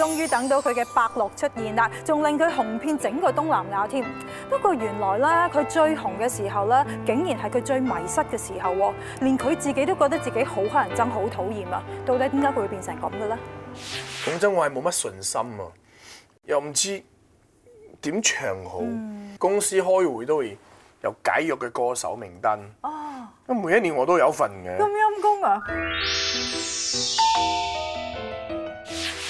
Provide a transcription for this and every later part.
終於等到佢嘅伯樂出現啦，仲令佢紅遍整個東南亞添。不過原來咧，佢最紅嘅時候咧，竟然係佢最迷失嘅時候喎。連佢自己都覺得自己好乞人憎，好討厭啊！到底點解佢會變成咁嘅咧？講真，我係冇乜信心啊，又唔知點唱好。公司開會都會有解約嘅歌手名單啊，咁每一年我都有份嘅。咁陰功啊！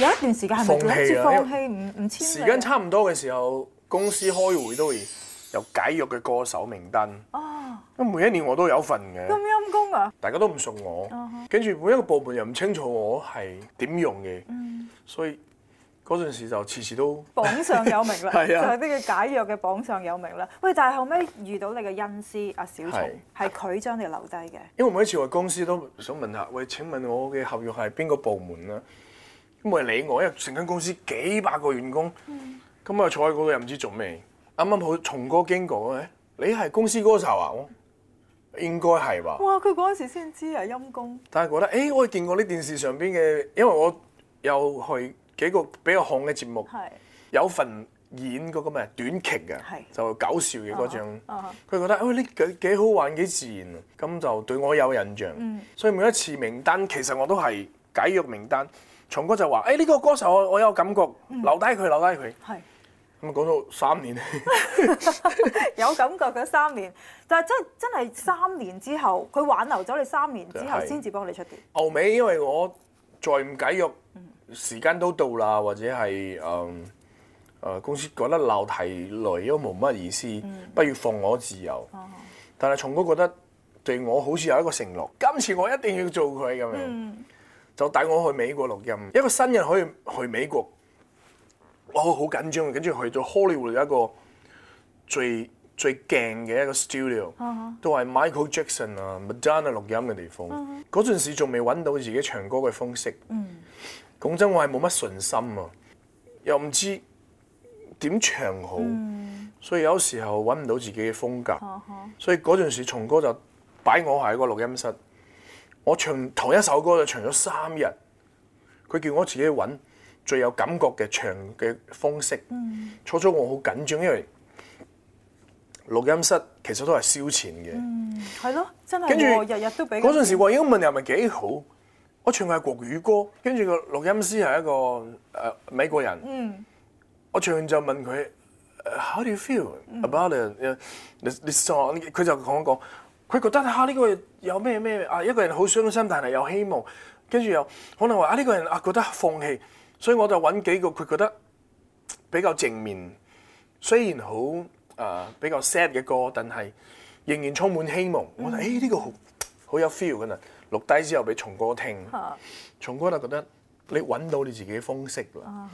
有一段時間係唔知放棄唔、唔簽時間差唔多嘅時候，公司開會都會有解約嘅歌手名單。哦，咁每一年我都有份嘅。咁陰功啊！大家都唔熟我，跟住每一個部門又唔清楚我係點用嘅，所以嗰陣時就次次都榜上有名啦，係啊，就係呢個解約嘅榜上有名啦。喂，但係後尾遇到你嘅恩師阿小蟲，係佢將你留低嘅。因為每一次我公司都想問下，喂，請問我嘅合約係邊個部門啊？冇人理我，因為成間公司幾百個員工，咁、嗯、又坐喺嗰度又唔知做咩。啱啱好松哥經過，你係公司歌手啊？應該係吧？哇！佢嗰陣時先知係陰公，但係覺得誒、欸，我見過呢電視上邊嘅，因為我又去幾個比較紅嘅節目，是有份演嗰個咩短劇嘅，是就搞笑嘅嗰種。佢、啊啊、覺得誒呢幾幾好玩幾自然啊，咁就對我有印象。嗯、所以每一次名單，其實我都係解約名單。松哥就話：誒、哎、呢、這個歌手我我有感覺，留低佢，留低佢。係咁講到三年， 有感覺嗰三年，但係真係真係三年之後，佢挽留咗你三年之後，先至幫你出碟。後尾因為我再唔解約，時間都到啦，或者係誒誒公司覺得留題累都冇乜意思，嗯、不如放我自由。啊、但係松哥覺得對我好似有一個承諾，今次我一定要做佢咁樣。嗯就帶我去美國錄音，一個新人可以去美國，我、哦、好緊張，跟住去咗 Hollywood 一個最最勁嘅一個 studio，uh huh. 都係 Michael Jackson 啊 Madonna 錄音嘅地方。嗰陣、uh huh. 時仲未揾到自己唱歌嘅方式，講、uh huh. 真我係冇乜信心啊，又唔知點唱好，uh huh. 所以有時候揾唔到自己嘅風格，uh huh. 所以嗰陣時松哥就擺我喺個錄音室。我唱同一首歌就唱咗三日，佢叫我自己揾最有感覺嘅唱嘅方式。嗯、初初我好緊張，因為錄音室其實都係燒錢嘅。嗯，係咯，真係喎、哦，日日著都俾嗰陣時喎，英文又唔係幾好。我唱嘅係國語歌，跟住個錄音師係一個誒、呃、美國人。嗯，我唱完就問佢，How do you feel about the the the song？佢就講一講。佢覺得嚇呢、啊，這個有咩咩啊，一個人好傷心，但係有希望。跟住又可能話啊呢、這個人啊覺得放棄，所以我就揾幾個佢覺得比較正面。雖然好誒、呃、比較 sad 嘅歌，但係仍然充滿希望。我覺得誒呢個好好有 feel 噶、啊、啦，錄低之後俾松哥聽。松哥就覺得你揾到你自己嘅方式啦。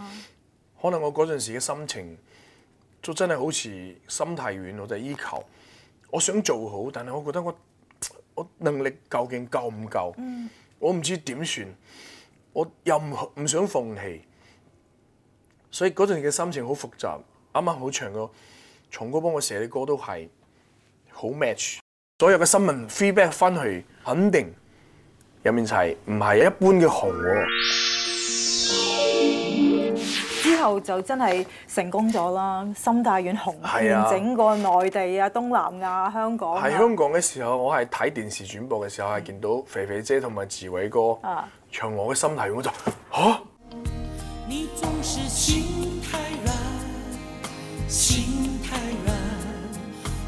可能我嗰陣時嘅心情就心，都真係好似心太軟，我就依求。我想做好，但係我覺得我我能力究竟夠唔夠？嗯、我唔知點算，我又唔唔想放棄，所以嗰陣嘅心情好複雜。啱啱好長個重哥幫我寫啲歌都係好 match，所有嘅新聞 feedback 翻去肯定入面就係唔係一般嘅紅喎。之後就真係成功咗啦，心太軟紅，啊、整個內地啊、東南亞、香港、啊。喺香港嘅時候，我係睇電視轉播嘅時候係、嗯、見到肥肥姐同埋志偉哥、啊、唱我嘅心太軟我就：啊「你總是心太軟，我就吓。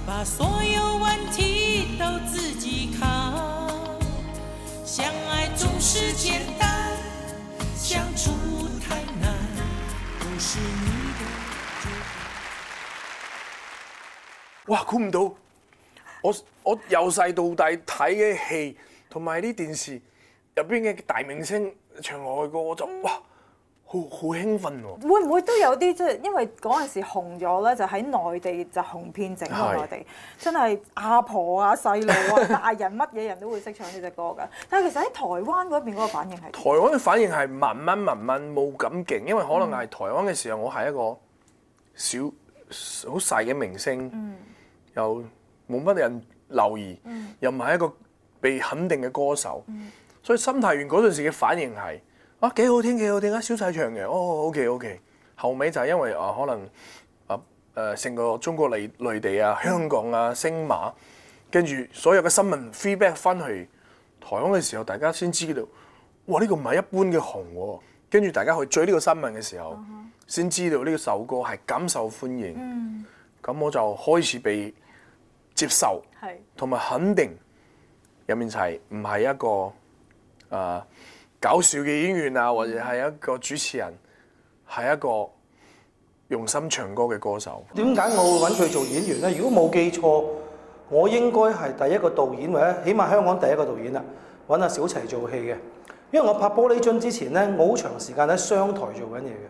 把所有問題都自己扛哇！估唔到我，我我由細到大睇嘅戲，同埋啲電視入邊嘅大明星，唱我嘅歌，我就哇！好好興奮喎、啊！會唔會都有啲即係因為嗰陣時紅咗咧，就喺內地就紅遍整個內地，是真係阿婆啊、細路啊、大人乜嘢人都會識唱呢隻歌噶。但係其實喺台灣嗰邊嗰個反應係……台灣嘅反應係慢慢慢慢冇咁勁，因為可能喺台灣嘅時候，我係一個小好細嘅明星，嗯、又冇乜人留意，嗯、又唔係一個被肯定嘅歌手，嗯、所以心太軟嗰陣時嘅反應係。啊幾好聽幾好聽啊！小曬唱嘅哦，OK OK。後尾就係因為啊，可能啊誒，成、呃、個中國內內地啊、香港啊、星馬，跟住所有嘅新聞 feedback 翻去台灣嘅時候，大家先知道哇！呢、呢個唔係一般嘅紅、啊，跟住大家去追呢個新聞嘅時候，先、uh huh. 知道呢首歌係咁受歡迎。咁、uh huh. 我就開始被接受，同埋、uh huh. 肯定入面就係唔係一個啊。呃搞笑嘅演員啊，或者係一個主持人，係一個用心唱歌嘅歌手。點解我會揾佢做演員咧？如果冇記錯，我應該係第一個導演或者起碼香港第一個導演啦。揾阿小齊做戲嘅，因為我拍玻璃樽之前咧，我好長時間喺商台做緊嘢嘅。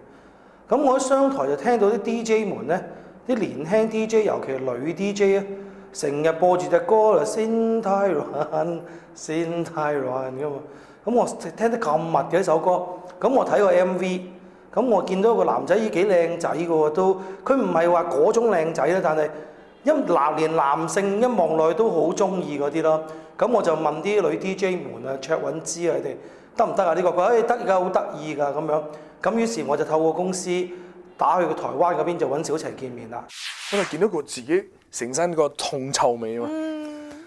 咁我喺商台就聽到啲 DJ 們咧，啲年輕 DJ 尤其係女 DJ 啊，成日播住隻歌 Cinta r 啦，心太軟，心太軟嘅嘛。Run, 咁我聽得咁密嘅一首歌，咁我睇個 M V，咁我見到個男仔幾靚仔嘅喎，都佢唔係話嗰種靚仔啦，但係一男連男性一望落去都好中意嗰啲啦。咁我就問啲女 D J 們，卓韻啊，卓 h e c k 啊，佢哋得唔得啊？呢個個誒得意㗎，好得意㗎咁樣。咁於是我就透過公司打去個台灣嗰邊，就揾小齊見面啦。因為見到佢自己成身個臭臭味啊嘛，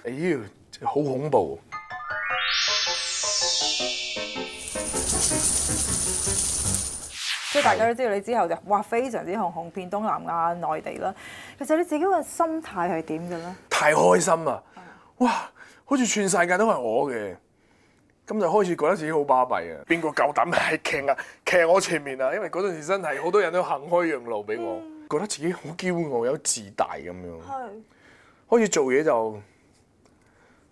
哎喲，好恐怖。即係大家都知道你之後就哇非常之紅紅遍東南亞內地啦。其實你自己個心態係點嘅咧？太開心啦！的哇，好似全世界都係我嘅，咁就開始覺得自己好巴閉啊！邊個夠膽喺騎啊騎我前面啊？因為嗰陣時真係好多人都行開讓路俾我，嗯、覺得自己好驕傲、有自大咁樣。係的開始做嘢就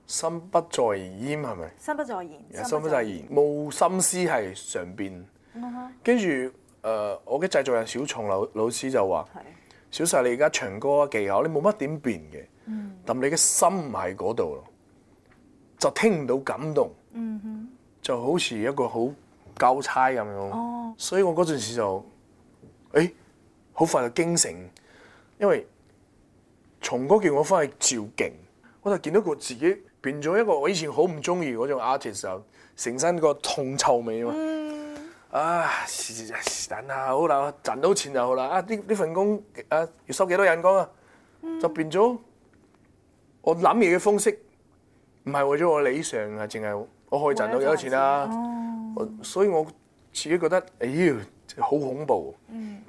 心不在焉，係咪？心不在焉，心不在焉，冇心思喺上邊，跟住。誒，uh, 我嘅製作人小松老老師就話是：小曬你而家唱歌技巧，你冇乜點變嘅，嗯、但你嘅心唔喺嗰度咯，就聽唔到感動，嗯、哼就好似一個好交差咁樣。哦、所以我嗰陣時就，誒、欸，好快就驚醒，因為松哥叫我翻去照鏡，我就見到佢自己變咗一個我以前好唔中意嗰種 artist，成身個銅臭味啊！嗯啊，等下、啊、好啦，賺到錢就好啦。啊，呢呢份工啊，要收幾多人工啊？嗯、就變咗我諗嘢嘅方式，唔係為咗我理想，係淨係我可以賺到幾多錢啦、啊哦。所以我自己覺得，哎呦，好恐怖。嗯、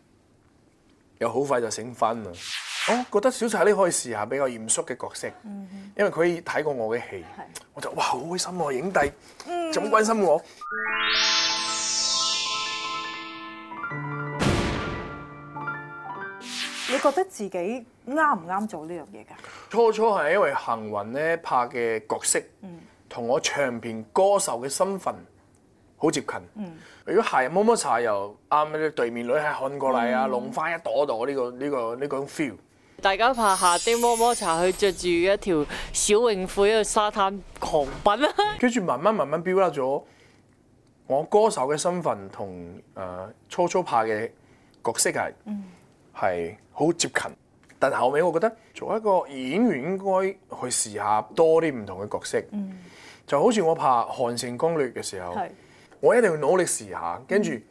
又好快就醒翻啦。我、啊、覺得小茶呢可以試下比較嚴肅嘅角色，嗯嗯因為佢睇過我嘅戲，的我就哇好開心喎、啊，影帝仲咁關心我。你覺得自己啱唔啱做呢樣嘢㗎？初初係因為行雲咧拍嘅角色，嗯，同我唱片歌手嘅身份好接近。嗯，如果係《嗯、摩摩茶》又啱啲對面女係看過嚟啊，弄返一朵朵呢個呢個呢個 feel。大家拍《下啲摩摩茶》去着住一條小泳褲，一個沙灘狂品。啦，跟住慢慢慢慢表達咗我歌手嘅身份同誒初初拍嘅角色係，係、嗯。好接近，但後尾我覺得做一個演員應該去試下多啲唔同嘅角色，嗯、就好似我拍《韓城攻略》嘅時候，是我一定要努力試下。跟住、嗯、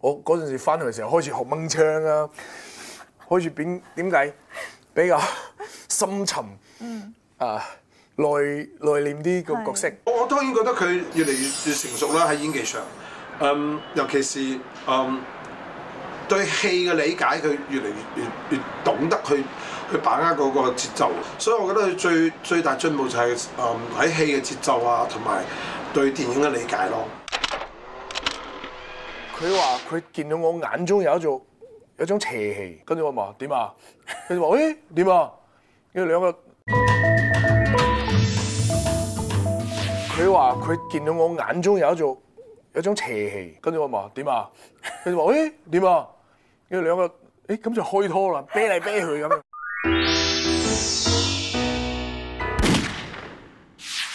我嗰陣時翻去嘅時候，開始學掹槍啦，開始變點解比較深沉啊、嗯呃，內內斂啲個角色是我。我當然覺得佢越嚟越越成熟啦，喺演技上，um, 尤其是、um, 對戲嘅理解，佢越嚟越越越懂得去去把握嗰個節奏，所以我覺得佢最最大進步就係誒喺戲嘅節奏啊，同埋對電影嘅理解咯。佢話佢見到我眼中有一種一種邪氣，跟住我話點啊？跟住話誒點啊？因為兩個，佢話佢見到我眼中有一種一種邪氣，跟住我話點啊？跟住話誒點啊？佢兩個，誒、欸，咁就開拖啦，啤嚟啤去咁樣。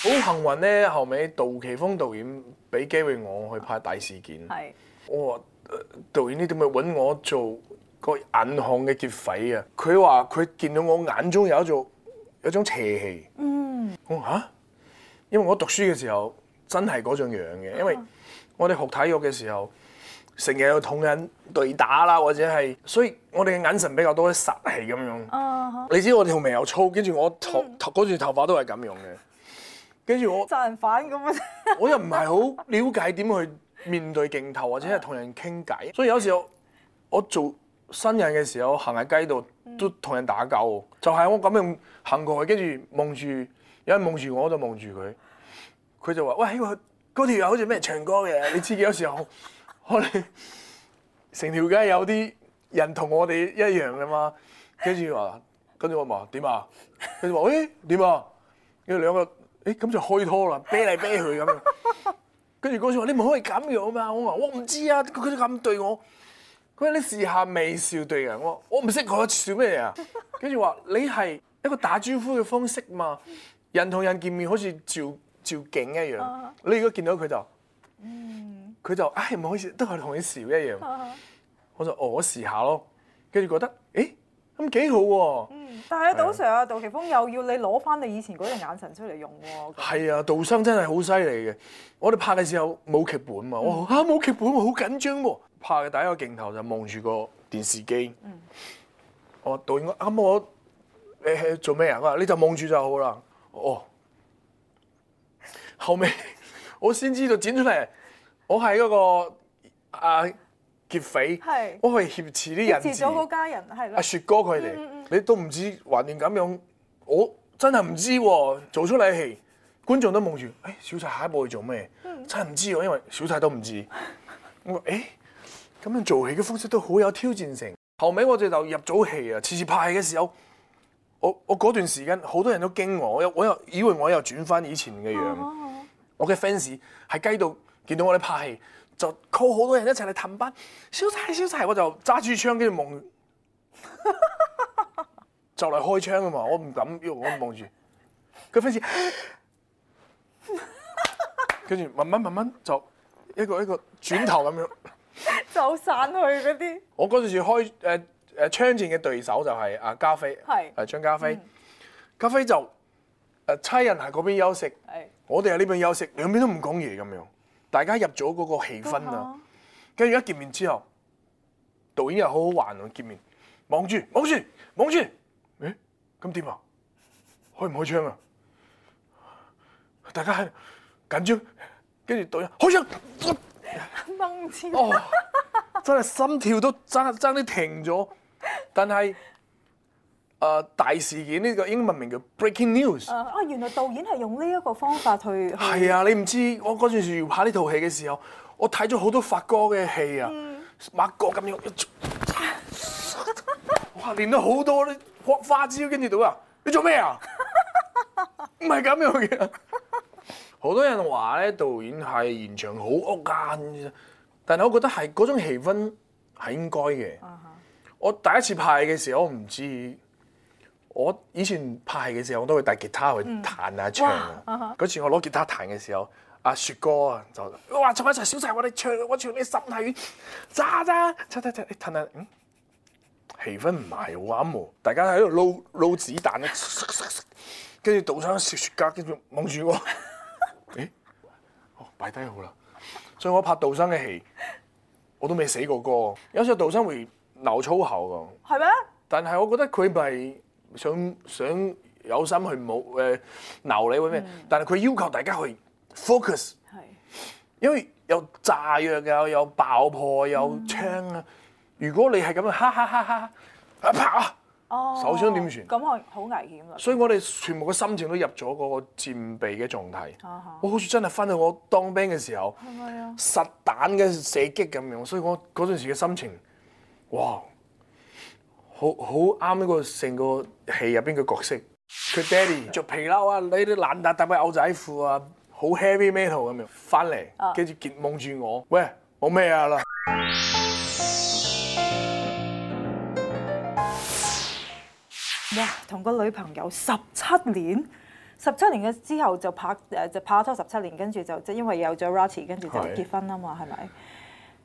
好幸運咧，後尾杜琪峰導演俾機會我去拍大事件。係是，我話、呃、導演你點解搵我做個銀行嘅劫匪啊？佢話佢見到我眼中有一種一種邪氣。嗯。我吓，因為我讀書嘅時候真係嗰種樣嘅，因為我哋學體育嘅時候。成日又同人對打啦，或者係，所以我哋嘅眼神比較多啲殺氣咁樣。哦、uh，huh. 你知我條眉又粗，跟住我頭嗰條、嗯、頭髮都係咁樣嘅。跟住我，殺人犯咁啊！ 我又唔係好了解點去面對鏡頭，或者係同人傾偈。所以有時候我做新人嘅時候，行喺街度都同人打交。就係、是、我咁樣行過去，跟住望住，有人望住我，我就望住佢。佢就話，喂，佢條友好似咩唱歌嘅？你知嘅，有時候。我哋成條街有啲人同我哋一樣噶嘛，跟住話，跟住我話點啊？跟住話誒點啊？跟住兩個誒咁就開拖啦，啤嚟啤去咁。跟住嗰時話你唔可以咁樣嘛，我話我唔知啊，佢、欸啊欸 啊、都咁對我。佢話你試下微笑對人，我我唔識講笑咩嘢啊？跟住話你係一個打招呼嘅方式嘛，人同人見面好似照照鏡一樣。 你如果見到佢就嗯。 佢就唉唔好意思，都係同你笑一樣，啊哈，我就我試下咯，跟住覺得誒咁幾好喎。嗯，但係《賭、嗯、神、嗯》啊，杜琪峰又要你攞翻你以前嗰隻眼神出嚟用喎。係啊，杜生真係好犀利嘅。我哋拍嘅時候冇劇本嘛，我冇劇本，我好緊張喎。拍嘅第一個鏡頭就望住個電視機，嗯。嗯，我導演我啱我誒做咩啊？我話你就望住就好啦。哦，後尾，我先知道剪出嚟。我係嗰、那個啊劫匪，是我係挾持啲人，人，挾咗好家人係阿雪哥佢哋。嗯、你都唔知橫亂咁樣，我真係唔知喎。嗯、做出嚟戲，觀眾都望住。誒、欸，小細下一步去做咩？嗯、真係唔知喎，因為小細都唔知。我誒，咁、欸、樣做戲嘅方式都好有挑戰性。後尾我哋就入咗戲啊，次次拍戲嘅時候，我我嗰段時間好多人都驚我，我，我又我又以為我又轉翻以前嘅樣。我嘅 fans 喺雞度。見到我哋拍戲，就 call 好多人一齊嚟氹班。小齊小齊，我就揸住槍跟住望，著著 就嚟開槍啊嘛！我唔敢，我唔望住。佢飛跟住慢慢慢慢就一個一個轉頭咁樣， 就散去嗰啲。我嗰陣時開誒誒槍戰嘅對手就係阿家輝，係阿是張家輝。家輝、嗯、就誒差人喺嗰邊休息，是我哋喺呢邊休息，兩邊都唔講嘢咁樣。大家入咗嗰個氣氛啊，跟住一見面之後，導演又好好玩啊！見面，望住，望住，望住，誒，咁點啊？開唔開窗啊？大家係緊張，跟住導演開窗，掹住，哦， 真係心跳都爭爭啲停咗，但係。誒、uh, 大事件呢、這個英文名叫 Breaking News 啊！Uh, 原來導演係用呢一個方法去係啊！你唔知我嗰陣時拍呢套戲嘅時候，我睇咗好多發、嗯、哥嘅戲啊，發哥咁樣哇，練咗好多啲學花招，跟住到啊，你做咩啊？唔係咁樣嘅，好多人話咧，導演係現場好屋間，但係我覺得係嗰種氣氛係應該嘅。Uh huh. 我第一次拍嘅時候，我唔知。我以前拍戲嘅時候，我都會帶吉他去彈下唱。嗰次我攞吉他彈嘅時候，阿雪哥啊就哇坐一齊，小齊我哋唱，我唱你心米遠，喳喳，唓唓唓，嗯，氣氛唔係好啱喎大家喺度撈撈子彈咧，跟住杜生小雪格跟住望住我，誒，哦擺低好啦，所以我拍杜生嘅戲，我都未死過歌。有時候杜生會鬧粗口㗎。係咩？但係我覺得佢咪。想想有心去冇誒鬧你會咩？嗯、但係佢要求大家去 focus，是因為有炸藥、有有爆破、有槍啊！嗯、如果你係咁樣，哈哈哈，哈！哈啊拍啊哦哦！哦，手槍點算？咁我，嗯、我好危險啊！所以我哋全部嘅心情都入咗嗰個戰備嘅狀態。我好似真係翻到我當兵嘅時候，實彈嘅射擊咁樣，所以我嗰陣時嘅心情，哇！哇好好啱呢個成個戲入邊嘅角色。佢爹哋着皮褸啊，你啲爛撻撻嘅牛仔褲 metal，啊，好 heavy metal 咁樣翻嚟，跟住就望住我，喂，我咩啊啦？哇，同個女朋友十七年，十七年嘅之後就拍誒就拍拖十七年，跟住就即係因為有咗 Razi，跟住就結婚啊嘛，係咪是？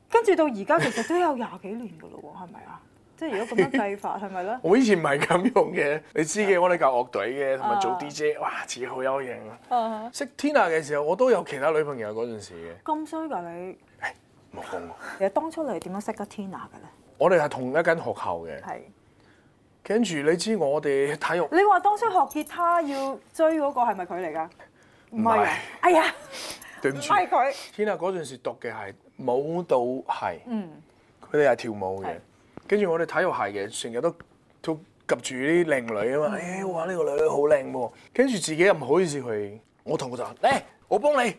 跟住到而家其實都有廿幾年㗎喇喎，係咪啊？即係 如果咁樣計法係咪咧？是是呢我以前唔係咁用嘅，你知嘅。我哋教樂隊嘅，同埋做 DJ，哇，自己好有型啊！Uh huh. 識 Tina 嘅時候，我都有其他女朋友嗰陣時嘅。咁衰噶你？冇講過。其實當初你點樣識得 Tina 嘅咧？我哋係同一間學校嘅。係是。跟住你知我哋體育？你話當初學吉他要追嗰個係咪佢嚟㗎？唔係。是哎呀，對唔住，係佢。Tina 嗰陣時讀嘅係舞蹈，係。嗯。佢哋係跳舞嘅。跟住我哋體育系嘅，成日都都夾住啲靚女，哎哇，這個、女啊嘛，哎，我話呢個女女好靚喎。跟住自己又唔好意思去，我同學就話：誒，我幫你，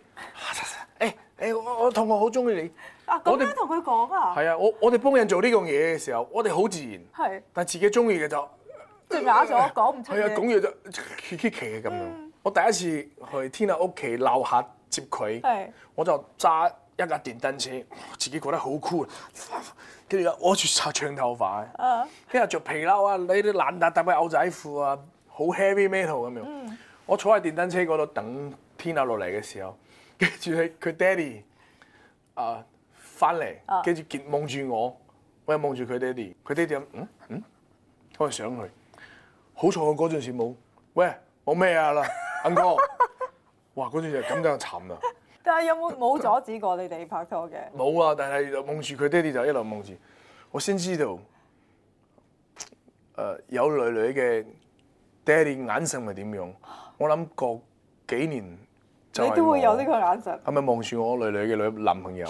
誒誒，我同學好中意你。啊，咁樣同佢講啊？係啊，我我哋幫人做呢樣嘢嘅時候，我哋好自然。係是。但係自己中意嘅就，即係啞咗講唔出。係啊，講完就奇奇奇嘅咁樣。嗯、我第一次去天亞屋企樓下接佢，是我就揸。一架電單車，自己覺得好酷。跟住我著曬長頭髮，跟住着皮褸啊，你啲攬帶搭個牛仔褲啊，好 heavy metal 咁樣。嗯、我坐喺電單車嗰度等天黑落嚟嘅時候，跟住佢佢爹哋啊翻嚟，跟住見望住我，我又望住佢爹哋佢爹哋咁嗯嗯，我上去，好彩我嗰陣時冇喂我咩啊啦，uncle，哇嗰陣時咁就慘啦。但係有冇冇阻止過你哋拍拖嘅？冇啊！但係望住佢爹哋就一路望住，我先知道，誒、呃、有女女嘅爹哋眼神係點樣。我諗過幾年就你都會有呢個眼神。係咪望住我女女嘅男男朋友？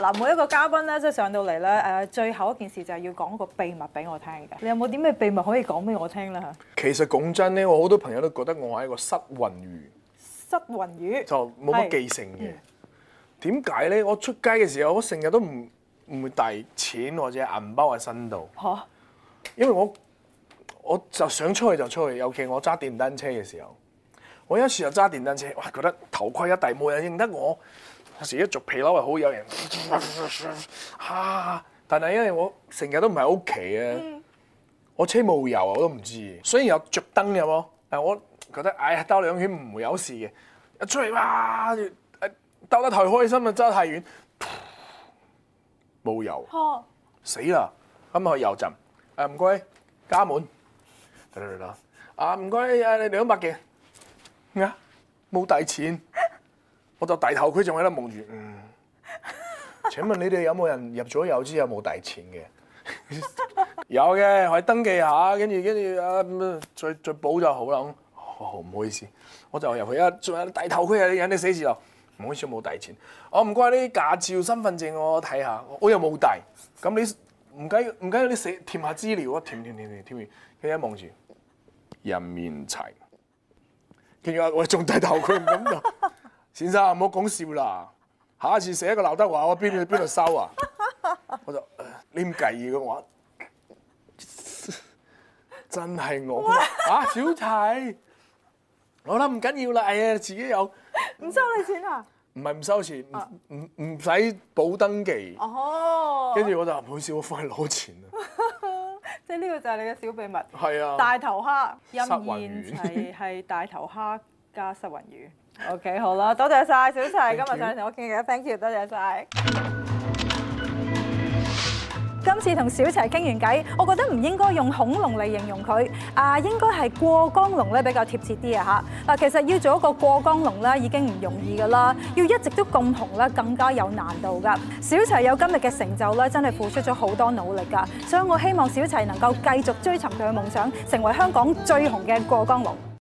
嗱、啊，每一個嘉賓咧，即係上到嚟咧，誒，最後一件事就係要講一個秘密俾我聽嘅。你有冇啲咩秘密可以講俾我聽咧？嚇，其實講真咧，我好多朋友都覺得我係一個失魂魚，失魂魚就冇乜記性嘅。點解咧？我出街嘅時候，我成日都唔唔會帶錢或者銀包喺身度嚇，啊、因為我我就想出去就出去，尤其我揸電單車嘅時候，我有時又揸電單車，哇，覺得頭盔一戴，冇人認得我。有時一着皮褸係好有型。嚇、啊，但係因為我成日都唔喺屋企啊，我車冇油，我都唔知。雖然有着燈嘅喎，但係我覺得哎呀，兜兩圈唔會有事嘅，一出嚟，哇，兜得太開心啊，揸得太遠冇油，死啦、啊！咁，去油站，誒唔該，加滿，啊唔該你兩百件，咩啊冇帶錢。我就戴頭盔，佢仲喺度望住。嗯，請問你哋有冇人入咗有知有冇帶錢嘅？有嘅， 我哋登記下，跟住跟住啊，再再補就好啦。好、哦、唔好意思，我就入去一仲有戴頭盔啊，引你寫字樓。唔好意思，冇帶錢。哦，唔該啲駕照、身份證我睇下，我又冇帶。咁你唔緊唔緊要，你寫填下資料啊，填填填填填。佢喺望住，人面齊。點解我仲戴頭盔咁？ 先生唔好講笑啦，下一次寫一個劉德華，我邊邊度收啊？ 我就，呃、你唔計嘅話 我，真係我啊，小齊，我諗唔緊要啦，哎呀自己有，唔收你錢啊？唔係唔收錢，唔唔唔使補登記。哦，跟住我就唔好意思翻去攞錢啦。即係呢個就係你嘅小秘密。係啊，大頭蝦、濕雲魚係係大頭蝦加濕雲魚。OK，好啦，多謝晒小齊今日上嚟同我傾偈 Thank you，多謝晒。今次同小齊傾完偈，我覺得唔應該用恐龍嚟形容佢，啊，應該係過江龍咧比較貼切啲啊嚇。嗱，其實要做一個過江龍咧已經唔容易噶啦，要一直都咁紅咧更加有難度噶。小齊有今日嘅成就咧，真係付出咗好多努力噶，所以我希望小齊能夠繼續追尋佢嘅夢想，成為香港最紅嘅過江龍。